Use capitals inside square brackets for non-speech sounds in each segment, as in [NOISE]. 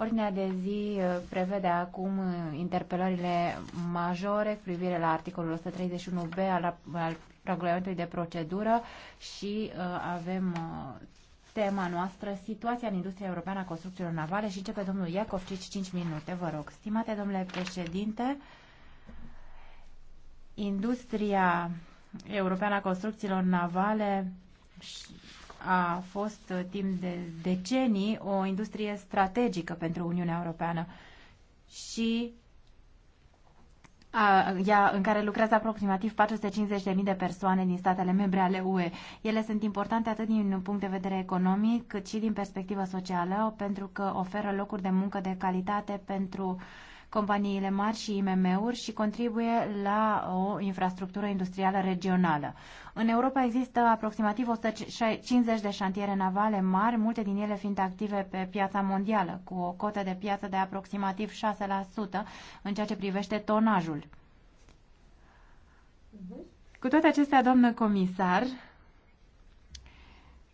Ordinea de zi uh, prevede acum uh, interpelările majore cu privire la articolul 131b al, al regulamentului de procedură și uh, avem uh, tema noastră, situația în industria europeană a construcțiilor navale și începe domnul Iacov, 5 minute, vă rog. Stimate domnule președinte, industria europeană a construcțiilor navale a fost uh, timp de decenii o industrie strategică pentru Uniunea Europeană și a, ea, în care lucrează aproximativ 450.000 de persoane din statele membre ale UE. Ele sunt importante atât din punct de vedere economic, cât și din perspectivă socială, pentru că oferă locuri de muncă de calitate pentru uh, companiile mari și IMM-uri și contribuie la o infrastructură industrială regională. În Europa există aproximativ 150 de șantiere navale mari, multe din ele fiind active pe piața mondială, cu o cotă de piață de aproximativ 6% în ceea ce privește tonajul. Cu toate acestea, doamnă comisar,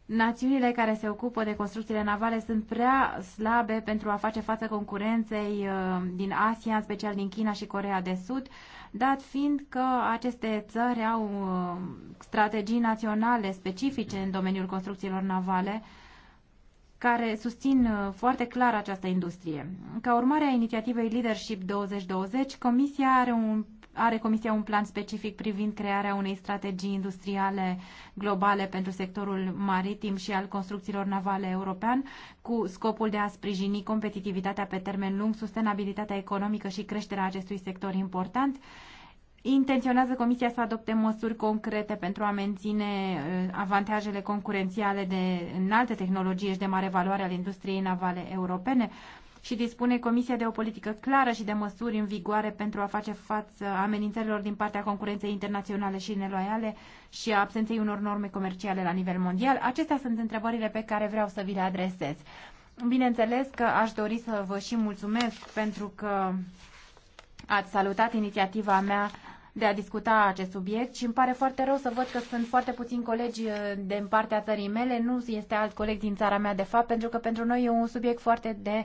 Națiunile care se ocupă de construcțiile navale sunt prea slabe pentru a face față concurenței uh, din Asia, în special din China și Corea de Sud, dat fiind că aceste țări au uh, strategii naționale specifice în domeniul construcțiilor navale, care susțin uh, foarte clar această industrie. Ca urmare a inițiativei Leadership 2020, Comisia are un are Comisia un plan specific privind crearea unei strategii industriale globale pentru sectorul maritim și al construcțiilor navale european, cu scopul de a sprijini competitivitatea pe termen lung, sustenabilitatea economică și creșterea acestui sector important. Intenționează Comisia să adopte măsuri concrete pentru a menține uh, avantajele concurențiale de înalte tehnologie și de mare valoare ale industriei navale europene? și dispune Comisia de o politică clară și de măsuri în vigoare pentru a face față amenințărilor din partea concurenței internaționale și neloiale și a absenței unor norme comerciale la nivel mondial? Acestea sunt întrebările pe care vreau să vi le adresez. Bineînțeles că aș dori să vă și mulțumesc pentru că ați salutat inițiativa mea de a discuta acest subiect și îmi pare foarte rău să văd că sunt foarte puțini colegi uh, de în partea țării mele, nu este alt coleg din țara mea de fapt, pentru că pentru noi e un subiect foarte de uh,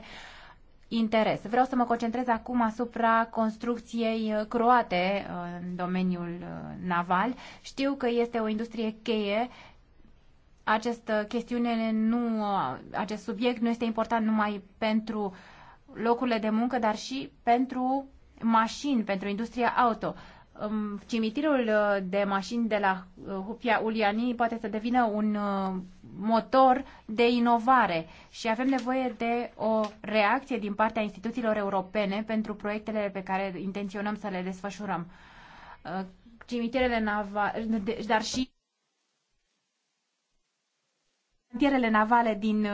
interes. Vreau să mă concentrez acum asupra construcției uh, croate uh, în domeniul uh, naval. Știu că este o industrie cheie această chestiune nu, acest subiect nu este important numai pentru locurile de muncă, dar și pentru mașini, pentru industria auto. Um, cimitirul uh, de mașini de la uh, Hupia Uliani poate să devină un uh, motor de inovare și avem nevoie de o reacție din partea instituțiilor europene pentru proiectele pe care intenționăm să le desfășurăm. Cimitirele navale, dar și cimitirele navale din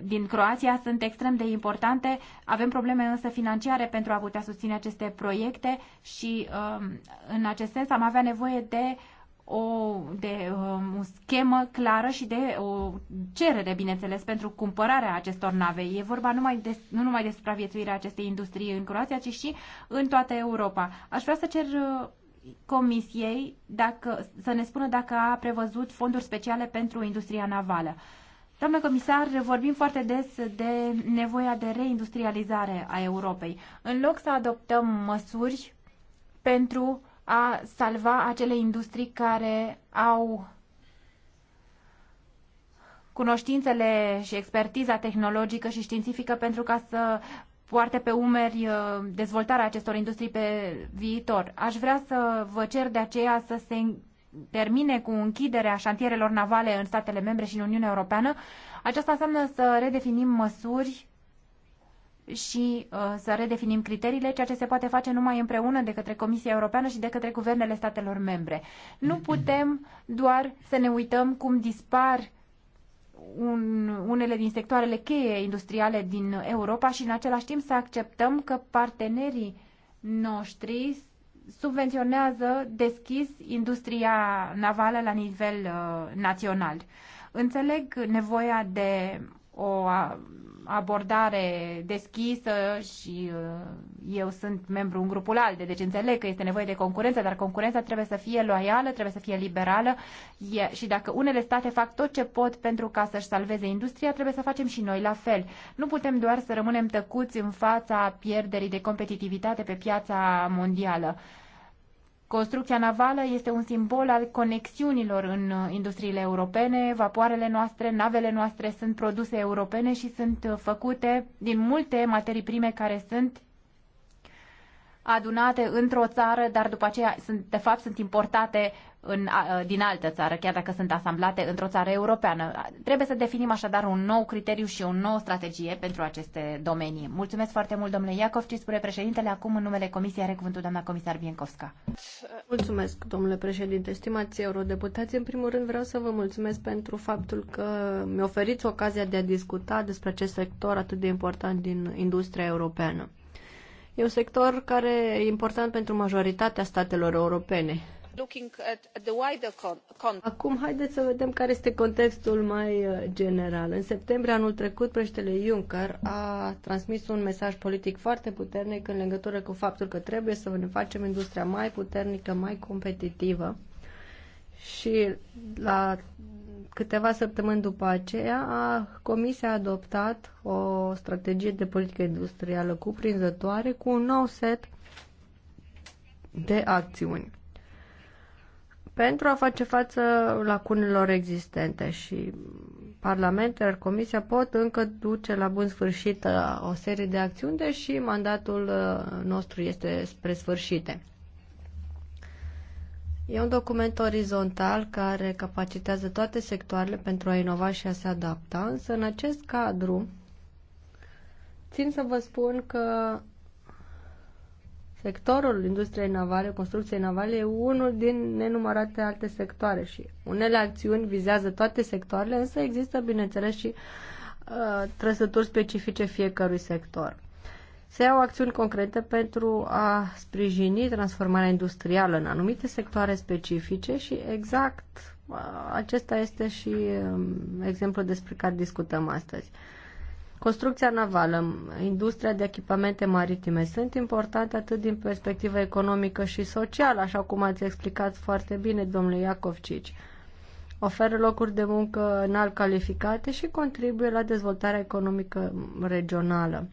din Croația sunt extrem de importante. Avem probleme însă financiare pentru a putea susține aceste proiecte și um, în acest sens am avea nevoie de o, de um, o schemă clară și de o cerere, bineînțeles, pentru cumpărarea acestor nave. E vorba numai de, nu numai de supraviețuirea acestei industrie în Croația, ci și în toată Europa. Aș vrea să cer uh, Comisiei dacă, să ne spună dacă a prevăzut fonduri speciale pentru industria navală. Uh, Doamnă comisar, vorbim foarte des de nevoia de reindustrializare a Europei. În loc să adoptăm măsuri pentru a salva acele industrii care au cunoștințele și expertiza tehnologică și științifică pentru ca să poarte pe umeri uh, dezvoltarea acestor industrii pe viitor. Aș vrea să vă cer de aceea să se termine cu închiderea șantierelor navale în statele membre și în Uniunea Europeană, aceasta înseamnă să redefinim măsuri și uh, să redefinim criteriile, ceea ce se poate face numai împreună de către Comisia Europeană și de către guvernele statelor membre. Nu putem doar să ne uităm cum dispar un, unele din sectoarele cheie industriale din Europa și în același timp să acceptăm că partenerii noștri subvenționează deschis industria navală la nivel uh, național. Înțeleg nevoia de o abordare deschisă și uh, eu sunt membru în grupul ALDE, deci înțeleg că este nevoie de concurență, dar concurența trebuie să fie loială, trebuie să fie liberală și dacă unele state fac tot ce pot pentru ca să-și salveze industria, trebuie să facem și noi la fel. Nu putem doar să rămânem tăcuți în fața pierderii de competitivitate pe piața mondială. Construcția navală este un simbol al conexiunilor în uh, industriile europene. Vapoarele noastre, navele noastre sunt produse europene și sunt uh, făcute din multe materii prime care sunt adunate într-o țară, dar după aceea sunt, de fapt sunt importate în, din altă țară, chiar dacă sunt asamblate într-o țară europeană. Trebuie să definim așadar un nou criteriu și o nouă strategie pentru aceste domenii. Mulțumesc foarte mult, domnule Iacov, ci spune președintele, acum în numele Comisiei are cuvântul doamna comisar Biencovska. Mulțumesc, domnule președinte. Stimați eurodeputați, în primul rând vreau să vă mulțumesc pentru faptul că mi oferiți ocazia de a discuta despre acest sector atât de important din industria europeană. E un sector care e important pentru majoritatea statelor europene. Acum haideți să vedem care este contextul mai uh, general. În septembrie anul trecut, președintele Juncker a transmis un mesaj politic foarte puternic în legătură cu faptul că trebuie să ne facem industria mai puternică, mai competitivă și la câteva săptămâni după aceea, Comisia a adoptat o strategie de politică industrială cuprinzătoare cu un nou set de acțiuni pentru a face față lacunelor existente și Parlamentele, Comisia pot încă duce la bun sfârșit o serie de acțiuni, deși mandatul nostru este spre sfârșite. E un document orizontal care capacitează toate sectoarele pentru a inova și a se adapta, însă în acest cadru țin să vă spun că sectorul industriei navale, construcției navale, e unul din nenumărate alte sectoare și unele acțiuni vizează toate sectoarele, însă există, bineînțeles, și uh, trăsături specifice fiecărui sector se iau acțiuni concrete pentru a sprijini transformarea industrială în anumite sectoare specifice și exact acesta este și um, exemplul despre care discutăm astăzi. Construcția navală, industria de echipamente maritime sunt importante atât din perspectivă economică și socială, așa cum ați explicat foarte bine, domnule Iacovcici. Oferă locuri de muncă înalt calificate și contribuie la dezvoltarea economică regională.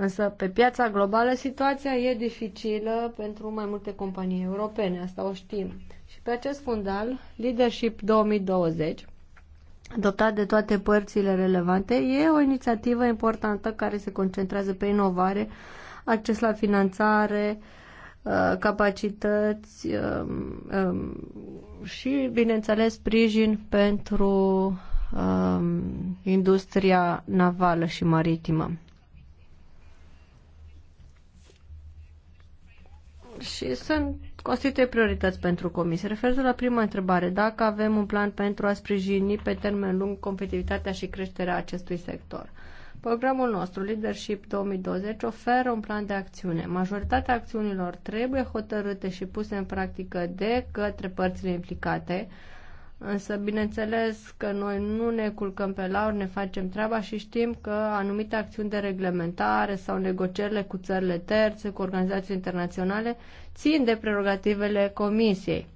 Însă pe piața globală situația e dificilă pentru mai multe companii europene, asta o știm. Și pe acest fundal, Leadership 2020, adoptat de toate părțile relevante, e o inițiativă importantă care se concentrează pe inovare, acces la finanțare, uh, capacități um, um, și, bineînțeles, sprijin pentru um, industria navală și maritimă. și sunt constituie priorități pentru comisie. Referitor la prima întrebare, dacă avem un plan pentru a sprijini pe termen lung competitivitatea și creșterea acestui sector. Programul nostru, Leadership 2020, oferă un plan de acțiune. Majoritatea acțiunilor trebuie hotărâte și puse în practică de către părțile implicate, Însă, bineînțeles că noi nu ne culcăm pe lauri, ne facem treaba și știm că anumite acțiuni de reglementare sau negocierile cu țările terțe, cu organizații internaționale, țin de prerogativele Comisiei.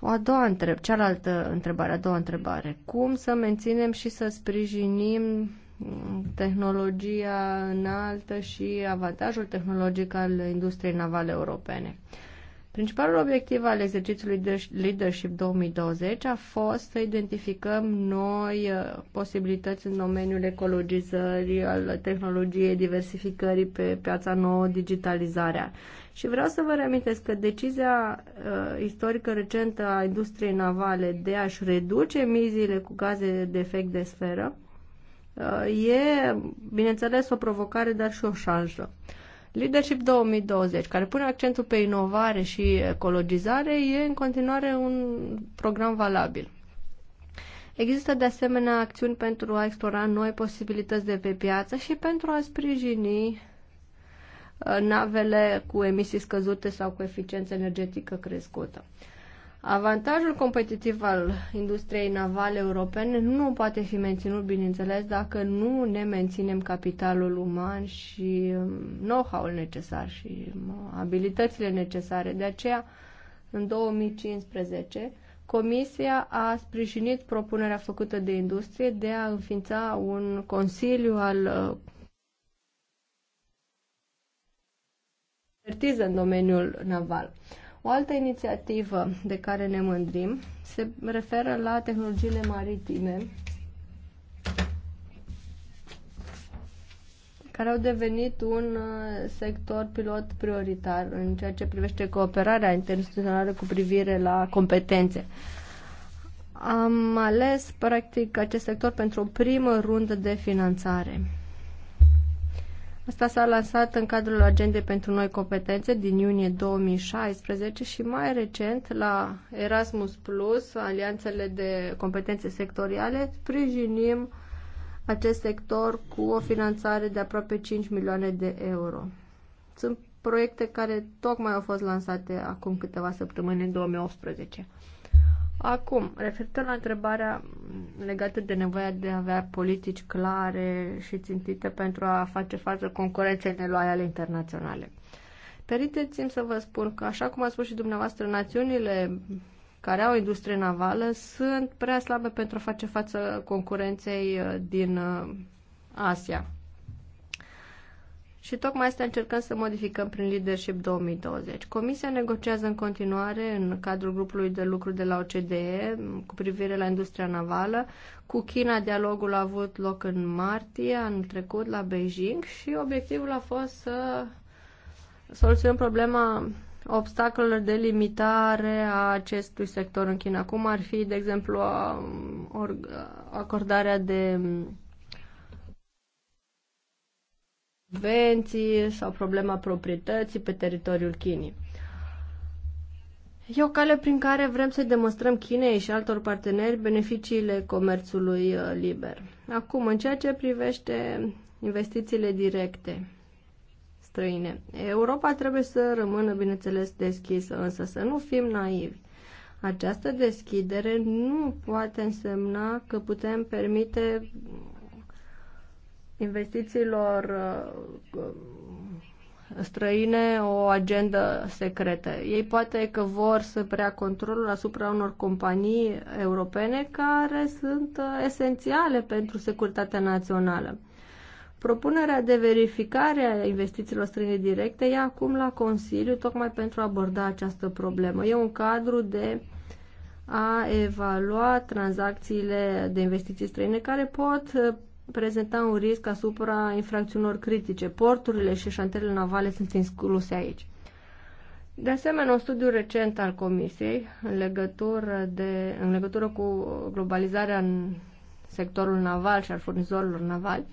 O a doua întreb, cealaltă întrebare, a doua întrebare. Cum să menținem și să sprijinim tehnologia înaltă și avantajul tehnologic al industriei navale europene? Principalul obiectiv al exercițiului Leadership 2020 a fost să identificăm noi uh, posibilități în domeniul ecologizării, al tehnologiei, diversificării pe piața nouă, digitalizarea. Și vreau să vă reamintesc că decizia uh, istorică recentă a industriei navale de a-și reduce emisiile cu gaze de efect de sferă uh, e, bineînțeles, o provocare, dar și o șansă. Uh, Leadership 2020, care pune accentul pe inovare și ecologizare, e în continuare un program valabil. Există de asemenea acțiuni pentru a explora noi posibilități de pe piață și pentru a sprijini uh, navele cu emisii scăzute sau cu eficiență energetică crescută. Avantajul competitiv al industriei navale europene nu poate fi menținut, bineînțeles, dacă nu ne menținem capitalul uman și um, know-how-ul necesar și um, abilitățile necesare. De aceea, în 2015, Comisia a sprijinit propunerea făcută de industrie de a înființa un consiliu al uh, expertiză în domeniul naval. O altă inițiativă de care ne mândrim se referă la tehnologiile maritime care au devenit un uh, sector pilot prioritar în ceea ce privește cooperarea internațională cu privire la competențe. Am ales, practic, acest sector pentru o primă rundă de finanțare. Asta s-a lansat în cadrul Agendei pentru Noi Competențe din iunie 2016 și mai recent la Erasmus Plus, alianțele de competențe sectoriale, sprijinim acest sector cu o finanțare de aproape 5 milioane de euro. Sunt proiecte care tocmai au fost lansate acum câteva săptămâni în 2018. Acum, referitor la întrebarea legată de nevoia de a avea politici clare și țintite pentru a face față concurenței neloiale internaționale. Permiteți-mi să vă spun că, așa cum a spus și dumneavoastră, națiunile care au industrie navală sunt prea slabe pentru a face față concurenței uh, din uh, Asia. Și tocmai asta încercăm să modificăm prin Leadership 2020. Comisia negociază în continuare în cadrul grupului de lucru de la OCDE cu privire la industria navală. Cu China dialogul a avut loc în martie anul trecut la Beijing și obiectivul a fost să soluționăm problema obstacolelor de limitare a acestui sector în China, cum ar fi, de exemplu, acordarea de subvenții sau problema proprietății pe teritoriul Chinei. E o cale prin care vrem să demonstrăm Chinei și altor parteneri beneficiile comerțului uh, liber. Acum, în ceea ce privește investițiile directe străine, Europa trebuie să rămână, bineînțeles, deschisă, însă să nu fim naivi. Această deschidere nu poate însemna că putem permite investițiilor uh, uh, străine o agendă secretă. Ei poate că vor să prea controlul asupra unor companii europene care sunt uh, esențiale pentru securitatea națională. Propunerea de verificare a investițiilor străine directe e acum la Consiliu tocmai pentru a aborda această problemă. E un cadru de a evalua tranzacțiile de investiții străine care pot prezenta un risc asupra infracțiunilor critice. Porturile și șantierele navale sunt incluse aici. De asemenea, un studiu recent al Comisiei în legătură, de, în legătură cu globalizarea în sectorul naval și al furnizorilor navali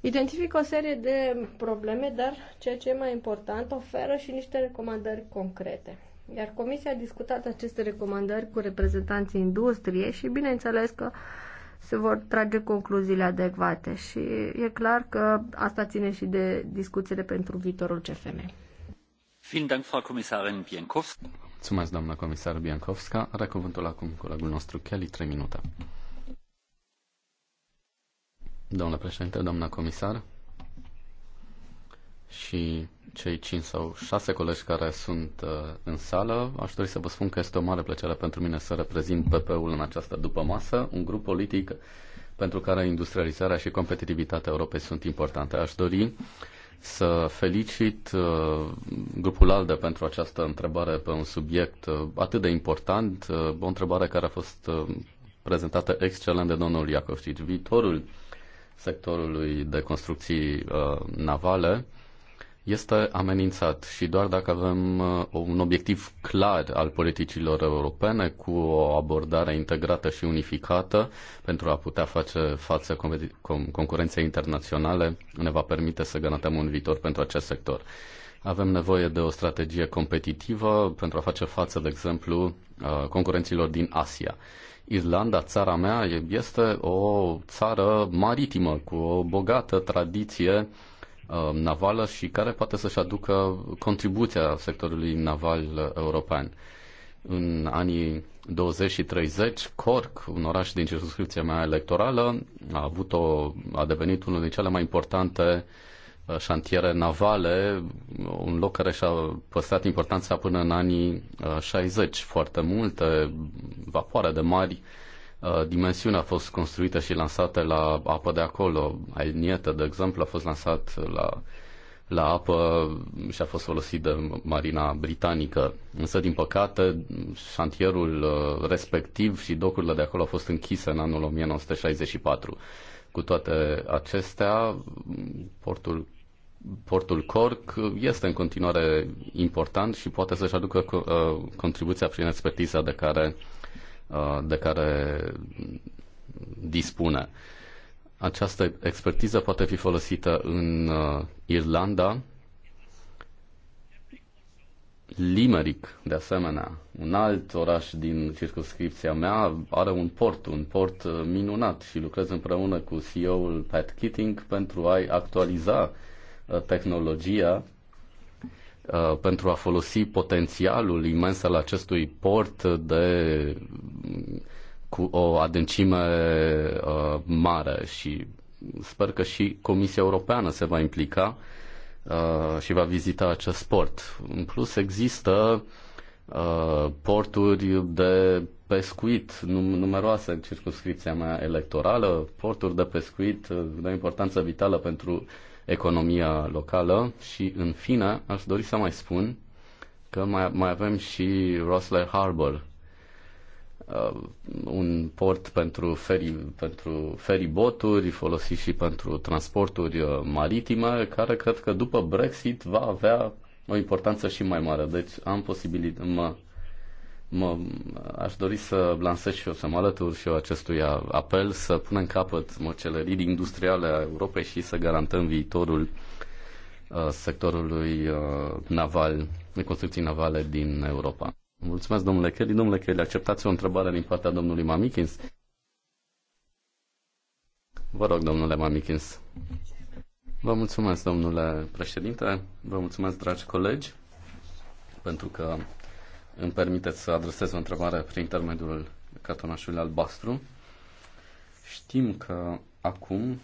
identifică o serie de probleme, dar ceea ce e mai important, oferă și niște recomandări concrete. Iar Comisia a discutat aceste recomandări cu reprezentanții industriei și bineînțeles că uh, se vor trage concluziile adecvate și e clar că asta ține și de discuțiile pentru viitorul CFM. Mulțumesc, doamna comisar Biancovska. Are cuvântul acum colegul nostru Kelly, 3 minute. Domnule președinte, doamna comisar și cei 5 sau 6 colegi care sunt uh, în sală, aș dori să vă spun că este o mare plăcere pentru mine să reprezint PP-ul în această dupămasă, un grup politic pentru care industrializarea și competitivitatea Europei sunt importante. Aș dori să felicit uh, grupul ALDE pentru această întrebare pe un subiect uh, atât de important, o întrebare care a fost prezentată excelent de domnul Iacovcici. Viitorul sectorului de construcții navale este amenințat și doar dacă avem uh, un obiectiv clar al politicilor europene cu o abordare integrată și unificată pentru a putea face față concurenței internaționale ne va permite să garantăm un viitor pentru acest sector. Avem nevoie de o strategie competitivă pentru a face față, de exemplu, uh, concurenților din Asia. Irlanda, țara mea, este o țară maritimă cu o bogată tradiție uh, Um, navală și care poate să-și aducă contribuția sectorului naval uh, european. În anii 20 și 30, Cork, un oraș din circunscripția mea electorală, a, avut o, a devenit unul din cele mai importante uh, șantiere navale, un loc care și-a păstrat importanța până în anii 60. Uh, Foarte multe vapoare de mari uh, Uh, dimensiune a fost construită și lansată la apă de acolo. Nietă, de exemplu, a fost lansat la, la apă și a fost folosit de Marina Britanică. Însă, din păcate, șantierul uh, respectiv și docurile de acolo au fost închise în anul 1964. Cu toate acestea, portul portul Cork este în continuare important și poate să-și aducă uh, contribuția prin expertiza de care Uh, de care dispune. Această expertiză poate fi folosită în uh, Irlanda. Limerick, de asemenea, un alt oraș din circunscripția mea, are un port, un port uh, minunat și lucrez împreună cu CEO-ul Pat Keating pentru a-i actualiza tehnologia Uh, pentru a folosi potențialul imens al acestui port de cu o adâncime uh, mare și sper că și Comisia Europeană se va implica uh, și va vizita acest port. În plus există uh, porturi de pescuit, num- numeroase în circunscripția mea electorală, porturi de pescuit de importanță vitală pentru uh, economia locală și, în fine, aș dori să mai spun că mai, mai avem și Rosler Harbour, uh, un port pentru, feri, pentru feriboturi, folosit și pentru transporturi uh, maritime, care cred că după Brexit va avea o importanță și mai mare. Deci am posibilitatea, mă, aș dori să lansez și eu, să mă alătur și eu acestui apel, să punem capăt măcelării industriale a Europei și să garantăm viitorul uh, sectorului uh, naval, de construcții navale din Europa. Mulțumesc, domnule Kelly. Domnule Kelly, acceptați o întrebare din partea domnului Mamikins? Vă rog, domnule Mamikins. Vă mulțumesc, domnule președinte. Vă mulțumesc, dragi colegi, pentru că îmi permiteți să adresez o întrebare prin intermediul cartonașului albastru. Știm că acum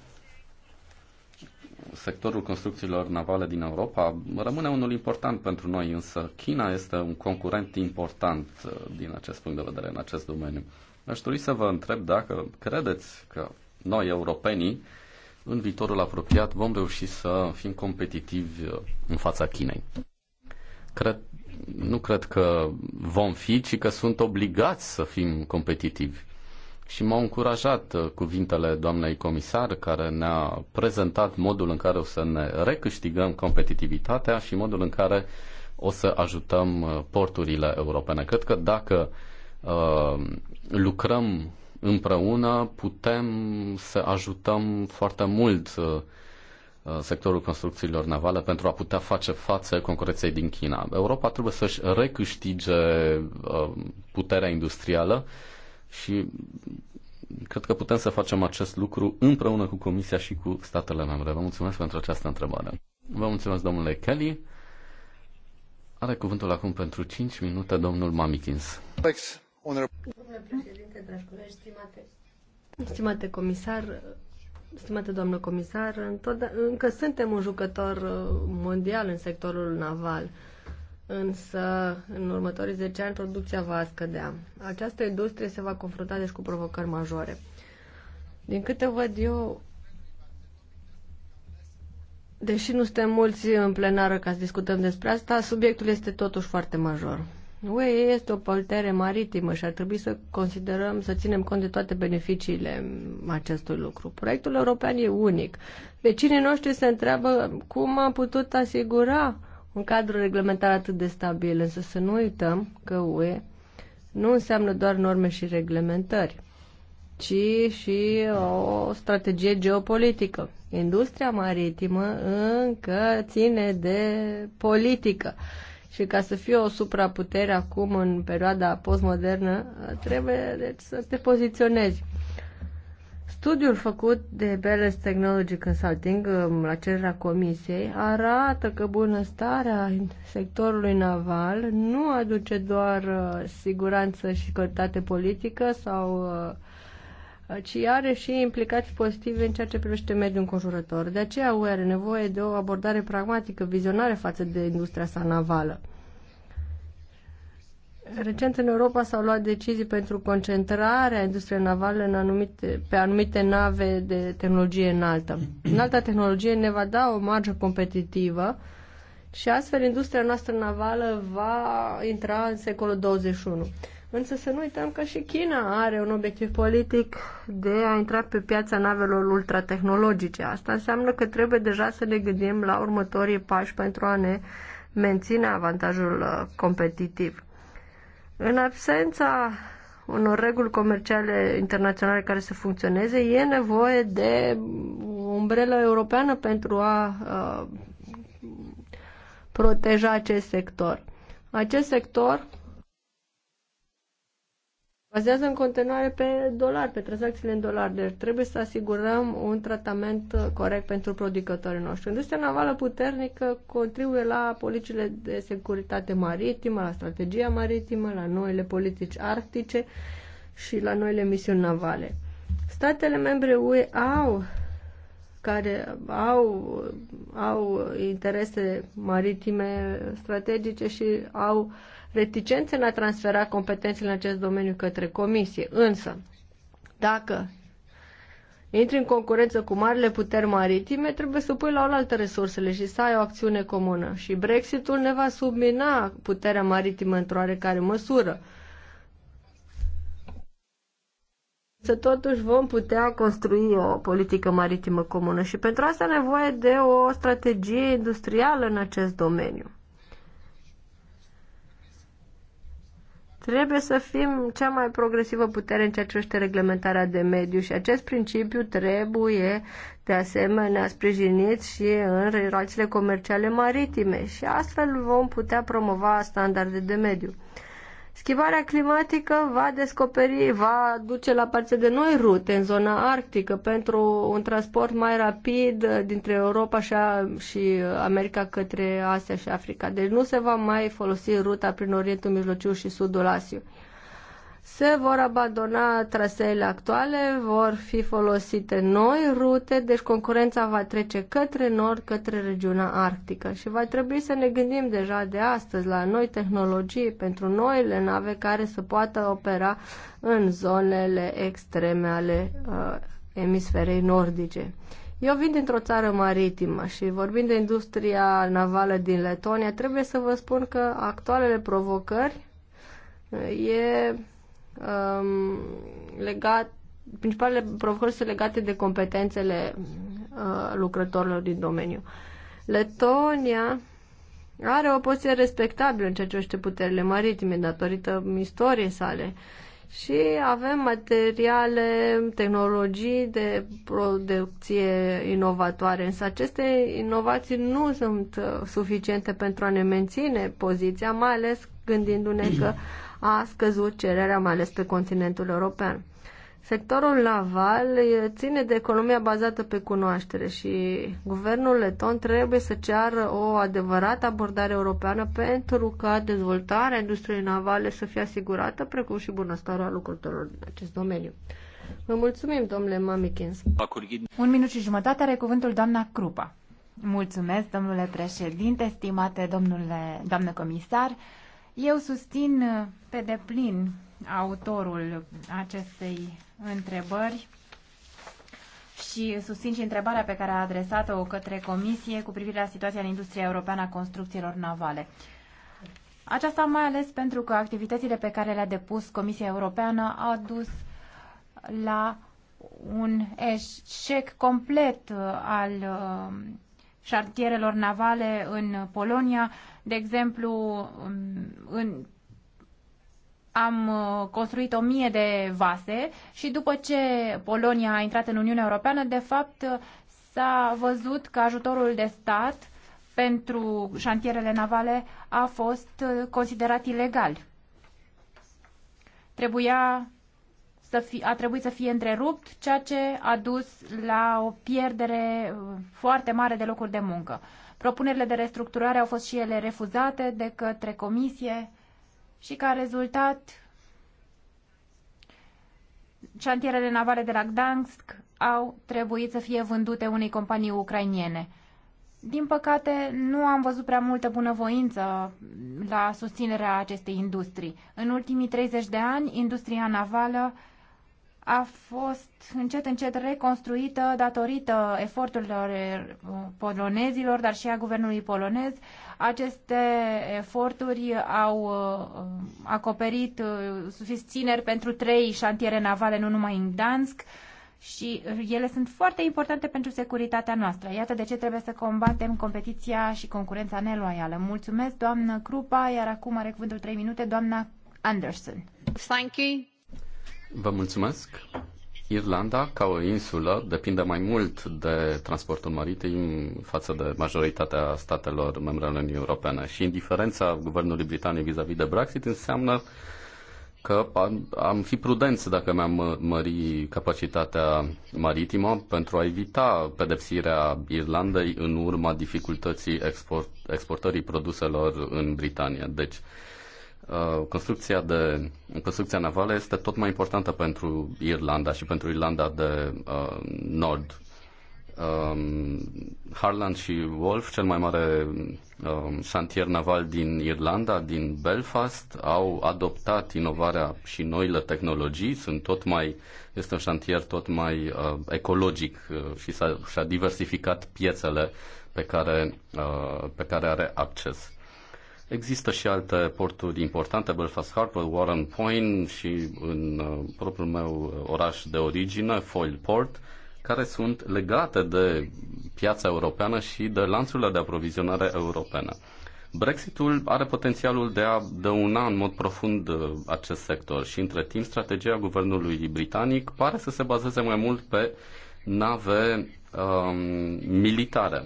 sectorul construcțiilor navale din Europa rămâne unul important pentru noi, însă China este un concurent important uh, din acest punct de vedere, în acest domeniu. Aș dori să vă întreb dacă credeți că noi, europenii, în viitorul apropiat vom reuși să fim competitivi uh, în fața Chinei. Cred, nu cred că vom fi, ci că sunt obligați să fim competitivi. Și m-au încurajat uh, cuvintele doamnei comisar, care ne-a prezentat modul în care o să ne recâștigăm competitivitatea și modul în care o să ajutăm uh, porturile europene. Cred că dacă uh, lucrăm împreună, putem să ajutăm foarte mult uh, Uh, sectorul construcțiilor navale pentru a putea face față concurenței din China. Europa trebuie să-și recâștige uh, puterea industrială și cred că putem să facem acest lucru împreună cu Comisia și cu statele membre. Vă mulțumesc pentru această întrebare. Vă mulțumesc, domnule Kelly. Are cuvântul acum pentru 5 minute domnul Mamikins. Domnule președinte, dragi colegi, stimate, stimate comisar, Stimate doamnă comisar, încă suntem un jucător uh, mondial în sectorul naval, însă în următorii 10 ani producția va scădea. Această industrie se va confrunta deci cu provocări majore. Din câte văd eu, deși nu suntem mulți în plenară ca să discutăm despre asta, subiectul este totuși foarte major. UE este o poltere maritimă și ar trebui să considerăm, să ținem cont de toate beneficiile acestui lucru. Proiectul european e unic. Vecinii noștri se întreabă cum am putut asigura un cadru reglementar atât de stabil, însă să nu uităm că UE nu înseamnă doar norme și reglementări, ci și o strategie geopolitică. Industria maritimă încă ține de politică. Și ca să fie o supraputere acum, în perioada postmodernă, trebuie deci, să te poziționezi. Studiul făcut de Bellis Technology Consulting um, la cererea comisiei arată că bunăstarea sectorului naval nu aduce doar uh, siguranță și calitate politică sau uh, ci are și implicații pozitive în ceea ce privește mediul înconjurător. De aceea UE are nevoie de o abordare pragmatică, vizionare față de industria sa navală. Recent în Europa s-au luat decizii pentru concentrarea industriei navale în anumite, pe anumite nave de tehnologie înaltă. Înalta tehnologie ne va da o marjă competitivă și astfel industria noastră navală va intra în secolul 21. Însă să nu uităm că și China are un obiectiv politic de a intra pe piața navelor ultratehnologice. Asta înseamnă că trebuie deja să ne gândim la următorii pași pentru a ne menține avantajul uh, competitiv. În absența unor reguli comerciale internaționale care să funcționeze, e nevoie de o umbrelă europeană pentru a, a uh, proteja acest sector. Acest sector bazează în continuare pe dolar, pe tranzacțiile în dolar, deci trebuie să asigurăm un tratament corect pentru producătorii noștri. Industria navală puternică contribuie la politicile de securitate maritimă, la strategia maritimă, la noile politici arctice și la noile misiuni navale. Statele membre UE au care au, au interese maritime strategice și au uh, reticențe în a transfera competențele în acest domeniu către comisie. Însă, dacă intri în concurență cu marile puteri maritime, trebuie să pui la oaltă resursele și să ai o acțiune comună. Și Brexitul ne va submina puterea maritimă într-o oarecare măsură. Să totuși vom putea construi o politică maritimă comună și pentru asta nevoie de o strategie industrială în acest domeniu. Trebuie să fim cea mai progresivă putere în ceea ce privește reglementarea de mediu și acest principiu trebuie de asemenea sprijinit și în relațiile comerciale maritime și astfel vom putea promova standarde de mediu. Schimbarea climatică va descoperi, va duce la parte de noi rute în zona arctică pentru un transport mai rapid dintre Europa și, a, și America către Asia și Africa. Deci nu se va mai folosi ruta prin Orientul Mijlociu și Sudul Asiei se vor abandona traseele actuale, vor fi folosite noi rute, deci concurența va trece către nord, către regiunea arctică și va trebui să ne gândim deja de astăzi la noi tehnologii pentru noile nave care să poată opera în zonele extreme ale uh, emisferei nordice. Eu vin dintr-o țară maritimă și vorbind de industria navală din Letonia, trebuie să vă spun că actualele provocări uh, e um, legat, principalele provocări sunt legate de competențele uh, lucrătorilor din domeniu. Letonia are o poziție respectabilă în ceea ce privește puterile maritime datorită istoriei sale și avem materiale, tehnologii de producție inovatoare, însă aceste inovații nu sunt uh, suficiente pentru a ne menține poziția, mai ales gândindu-ne că [CLEARS THROAT] a scăzut cererea, mai ales pe continentul european. Sectorul naval ține de economia bazată pe cunoaștere și guvernul leton trebuie să ceară o adevărată abordare europeană pentru ca dezvoltarea industriei navale să fie asigurată, precum și bunăstarea lucrătorilor din acest domeniu. Vă mulțumim, domnule Mamikins. Un minut și jumătate are cuvântul doamna Crupa. Mulțumesc, domnule președinte, stimate domnule, doamnă comisar. Eu susțin uh, pe deplin autorul acestei întrebări și susțin și întrebarea pe care a adresat-o către Comisie cu privire la situația în industria europeană a construcțiilor navale. Aceasta mai ales pentru că activitățile pe care le-a depus Comisia Europeană au dus la un eșec complet uh, al uh, șartierelor navale în Polonia. De exemplu, în, am uh, construit o mie de vase și după ce Polonia a intrat în Uniunea Europeană, de fapt s-a văzut că ajutorul de stat pentru șantierele navale a fost uh, considerat ilegal. Trebuia să fi, a trebuit să fie întrerupt, ceea ce a dus la o pierdere uh, foarte mare de locuri de muncă. Propunerile de restructurare au fost și ele refuzate de către comisie și ca rezultat șantierele navale de la Gdansk au trebuit să fie vândute unei companii ucrainiene. Din păcate, nu am văzut prea multă bunăvoință la susținerea acestei industrii. În ultimii 30 de ani, industria navală a fost încet, încet reconstruită datorită eforturilor uh, polonezilor, dar și a guvernului polonez. Aceste eforturi au uh, uh, acoperit susțineri pentru trei șantiere navale, nu numai în Gdansk, și ele sunt foarte importante pentru securitatea noastră. Iată de ce trebuie să combatem competiția și concurența neloială. Mulțumesc, doamnă Crupa, iar acum are cuvântul 3 minute, doamna Anderson. Thank you. Vă mulțumesc. Irlanda, ca o insulă, depinde mai mult de transportul maritim față de majoritatea statelor membre ale Uniunii Europene. Și indiferența guvernului britanic vis-a-vis de Brexit înseamnă că am, fi prudenți dacă mi-am mări capacitatea maritimă pentru a evita pedepsirea Irlandei în urma dificultății export, exportării produselor în Britania. Deci, Uh, construcția, de, construcția navală este tot mai importantă pentru Irlanda și pentru Irlanda de uh, Nord. Um, Harlan și Wolf, cel mai mare um, șantier naval din Irlanda, din Belfast, au adoptat inovarea și noile tehnologii, sunt tot mai, este un șantier tot mai uh, ecologic uh, și s-a, și-a diversificat piețele pe care, uh, pe care are acces. Există și alte porturi importante, Belfast Harbour, Warren Point și în uh, propriul meu oraș de origine, Foyle Port, care sunt legate de piața europeană și de lanțurile de aprovizionare europene. Brexitul are potențialul de a dăuna în mod profund uh, acest sector și între timp strategia guvernului britanic pare să se bazeze mai mult pe nave um, militare.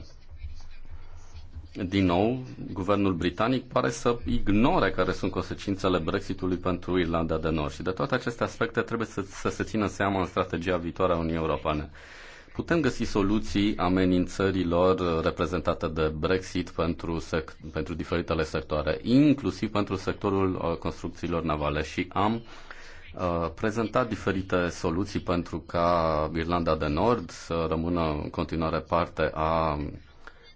Din nou, guvernul britanic pare să ignore care sunt consecințele Brexitului pentru Irlanda de Nord și de toate aceste aspecte trebuie să, să se țină seama în strategia viitoare a Uniunii Europene. Putem găsi soluții amenințărilor reprezentate de Brexit pentru, sec- pentru diferitele sectoare, inclusiv pentru sectorul uh, construcțiilor navale și am uh, prezentat diferite soluții pentru ca Irlanda de Nord să rămână în continuare parte a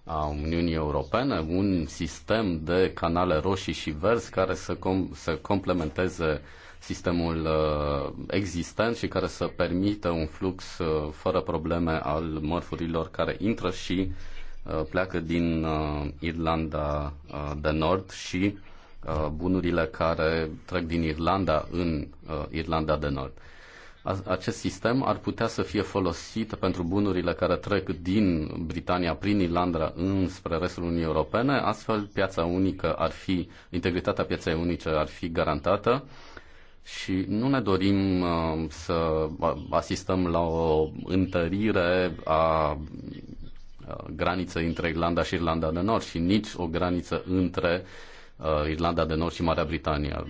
a Uniunii Europene, un sistem de canale roșii și verzi care să, com- să complementeze sistemul uh, existent și care să permită un flux uh, fără probleme al mărfurilor care intră și uh, pleacă din uh, Irlanda uh, de Nord și uh, bunurile care trec din Irlanda în uh, Irlanda de Nord. Uh, acest sistem ar putea să fie folosit pentru bunurile care trec din Britania prin Irlanda înspre restul Uniunii Europene, astfel piața unică ar fi, integritatea pieței unice ar fi garantată și nu ne dorim uh, să asistăm la o întărire a uh, graniță între Irlanda și Irlanda de Nord și nici o graniță între uh, Irlanda de Nord și Marea Britanie.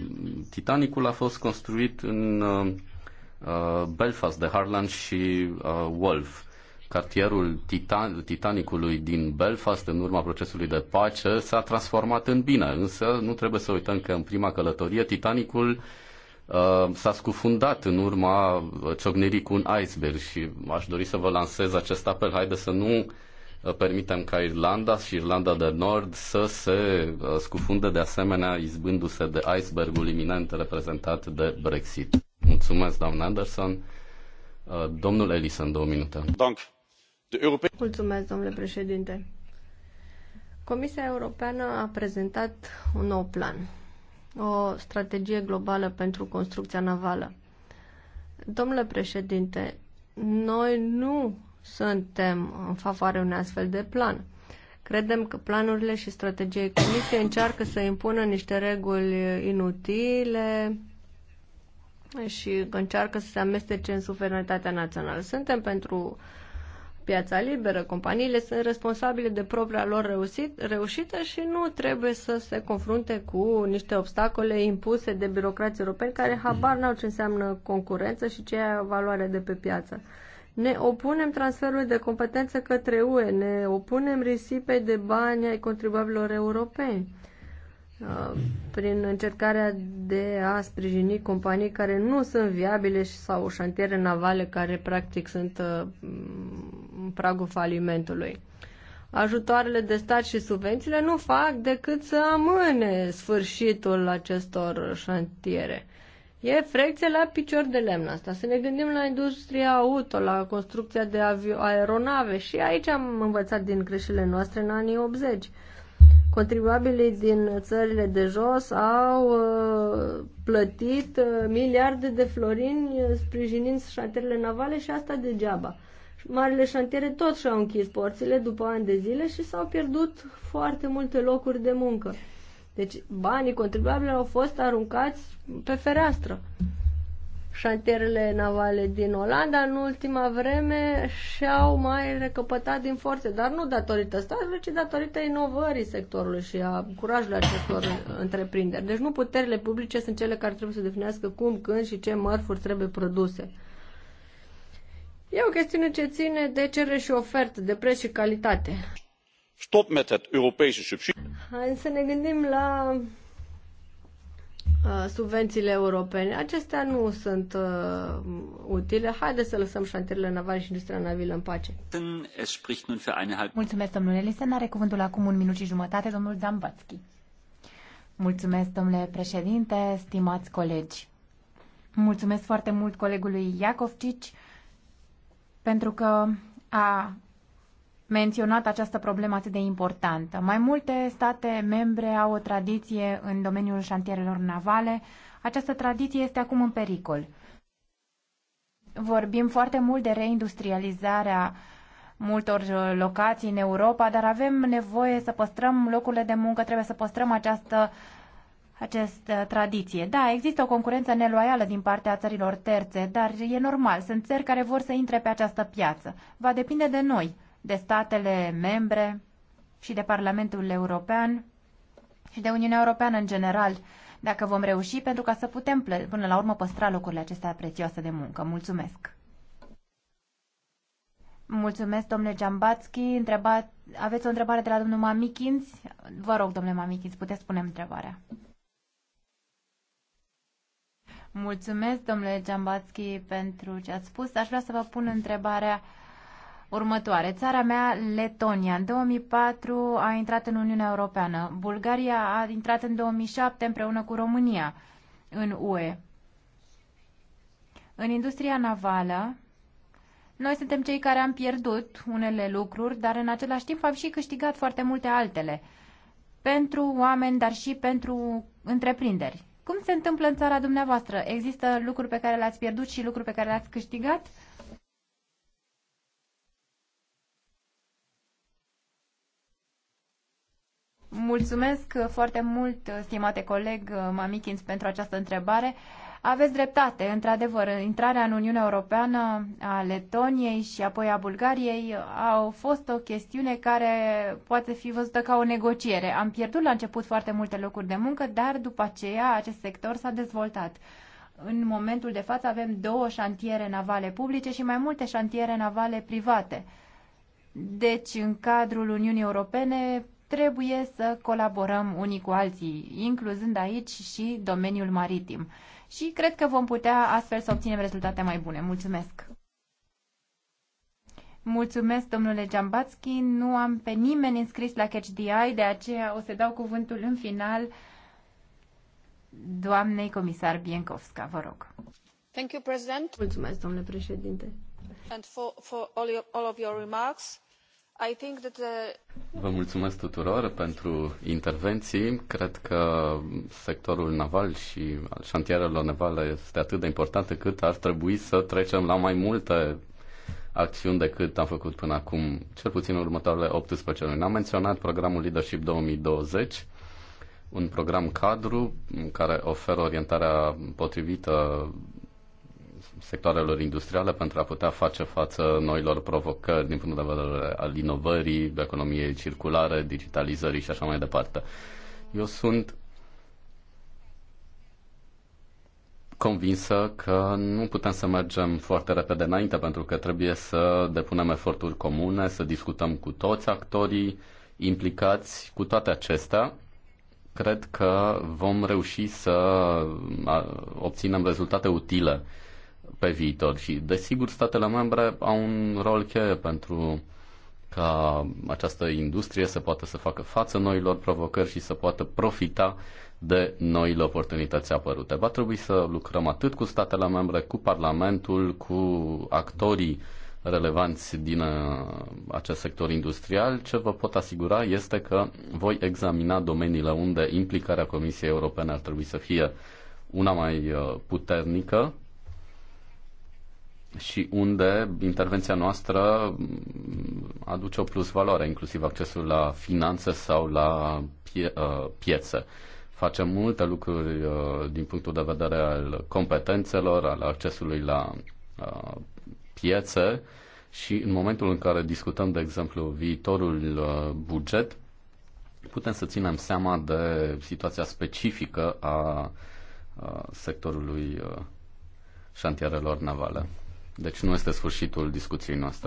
Titanicul a fost construit în Uh, Belfast de Harland și uh, Wolf. Cartierul Titan- Titanicului din Belfast, în urma procesului de pace, s-a transformat în bine, însă nu trebuie să uităm că în prima călătorie Titanicul uh, s-a scufundat în urma ciocnirii cu un iceberg și aș dori să vă lansez acest apel. Haide să nu permitem ca Irlanda și Irlanda de Nord să se scufunde de asemenea izbându-se de icebergul iminent reprezentat de Brexit. Mulțumesc, doamna Anderson. Uh, domnul Elison, două minute. Mulțumesc, domnule președinte. Comisia Europeană a prezentat un nou plan, o strategie globală pentru construcția navală. Domnule președinte, noi nu suntem în favoarea unui astfel de plan. Credem că planurile și strategiei Comisiei încearcă să impună niște reguli inutile, și încearcă să se amestece în suverenitatea națională. Suntem pentru piața liberă, companiile sunt responsabile de propria lor reușit, reușită și nu trebuie să se confrunte cu niște obstacole impuse de birocrații europeni care habar n-au ce înseamnă concurență și ce e valoare de pe piață. Ne opunem transferului de competență către UE, ne opunem risipei de bani ai contribuabilor europeni Uh, prin încercarea de a sprijini companii care nu sunt viabile sau șantiere navale care practic sunt uh, în pragul falimentului. Ajutoarele de stat și subvențiile nu fac decât să amâne sfârșitul acestor șantiere. E frecție la picior de lemn asta. Să ne gândim la industria auto, la construcția de aeronave și aici am învățat din greșelile noastre în anii 80 Contribuabilii din țările de jos au uh, plătit uh, miliarde de florini uh, sprijinind șantierele navale și asta degeaba. Marile șantiere tot și-au închis porțile după ani de zile și s-au pierdut foarte multe locuri de muncă. Deci banii contribuabili au fost aruncați pe fereastră șantierele navale din Olanda în ultima vreme și-au mai recăpătat din forțe, dar nu datorită statului, ci datorită inovării sectorului și a curajului acestor întreprinderi. Deci nu puterile publice sunt cele care trebuie să definească cum, când și ce mărfuri trebuie produse. E o chestiune ce ține de cerere și ofertă, de preț și calitate. Stop met het Hai să ne gândim la Uh, subvențiile europene. Acestea nu sunt uh, utile. Haideți să lăsăm șantierele navale și industria navilă în pace. Mulțumesc, domnule Lisen. Are cuvântul acum un minut și jumătate, domnul Zambatski. Mulțumesc, domnule președinte, stimați colegi. Mulțumesc foarte mult colegului Iacovcici pentru că a menționat această problemă atât de importantă. Mai multe state membre au o tradiție în domeniul șantierelor navale. Această tradiție este acum în pericol. Vorbim foarte mult de reindustrializarea multor uh, locații în Europa, dar avem nevoie să păstrăm locurile de muncă, trebuie să păstrăm această această uh, tradiție. Da, există o concurență neloială din partea țărilor terțe, dar e normal, sunt țări care vor să intre pe această piață. Va depinde de noi de statele membre și de Parlamentul European și de Uniunea Europeană în general, dacă vom reuși, pentru ca să putem până la urmă păstra locurile acestea prețioase de muncă. Mulțumesc! Mulțumesc, domnule Giambatski. Întreba... Aveți o întrebare de la domnul Mamichins? Vă rog, domnule Mamichins, puteți spune întrebarea. Mulțumesc, domnule Giambatski, pentru ce ați spus. Aș vrea să vă pun întrebarea uh, următoare. Țara mea, Letonia, în 2004 a intrat în Uniunea Europeană. Bulgaria a intrat în 2007 împreună cu România în UE. În industria navală, noi suntem cei care am pierdut unele lucruri, dar în același timp am și câștigat foarte multe altele pentru oameni, dar și pentru întreprinderi. Cum se întâmplă în țara dumneavoastră? Există lucruri pe care le-ați pierdut și lucruri pe care le-ați câștigat? Mulțumesc foarte mult, stimate coleg Mamichins, pentru această întrebare. Aveți dreptate, într-adevăr, intrarea în Uniunea Europeană a Letoniei și apoi a Bulgariei au fost o chestiune care poate fi văzută ca o negociere. Am pierdut la început foarte multe locuri de muncă, dar după aceea acest sector s-a dezvoltat. În momentul de față avem două șantiere navale publice și mai multe șantiere navale private. Deci, în cadrul Uniunii Europene, trebuie să colaborăm unii cu alții, incluzând aici și domeniul maritim. Și cred că vom putea astfel să obținem rezultate mai bune. Mulțumesc! Mulțumesc, domnule Giambatski. Nu am pe nimeni înscris la Catch the Eye, de aceea o să dau cuvântul în final doamnei comisar Biencovska. Vă rog. Thank you, President. Mulțumesc, domnule președinte. And for, for all, your, all of your remarks. Vă mulțumesc tuturor pentru intervenții. Cred că sectorul naval și al șantierelor navale este atât de important încât ar trebui să trecem la mai multe acțiuni decât am făcut până acum, cel puțin în următoarele 18 luni. Am menționat programul Leadership 2020, un program cadru care oferă orientarea potrivită sectoarelor industriale pentru a putea face față noilor provocări din punct de vedere al inovării, economiei circulare, digitalizării și așa mai departe. Eu sunt convinsă că nu putem să mergem foarte repede înainte, pentru că trebuie să depunem eforturi comune, să discutăm cu toți actorii implicați, cu toate acestea. Cred că vom reuși să obținem rezultate utile pe viitor și, desigur, statele membre au un rol cheie pentru ca această industrie să poată să facă față noilor provocări și să poată profita de noile oportunități apărute. Va trebui să lucrăm atât cu statele membre, cu Parlamentul, cu actorii relevanți din uh, acest sector industrial. Ce vă pot asigura este că voi examina domeniile unde implicarea Comisiei Europene ar trebui să fie una mai uh, puternică și unde intervenția noastră aduce o plus valoare, inclusiv accesul la finanțe sau la pie- uh, piețe. Facem multe lucruri uh, din punctul de vedere al competențelor, al accesului la uh, piețe și în momentul în care discutăm, de exemplu, viitorul buget, putem să ținem seama de situația specifică a sectorului șantierelor navale. Deci nu este sfârșitul discuției noastre.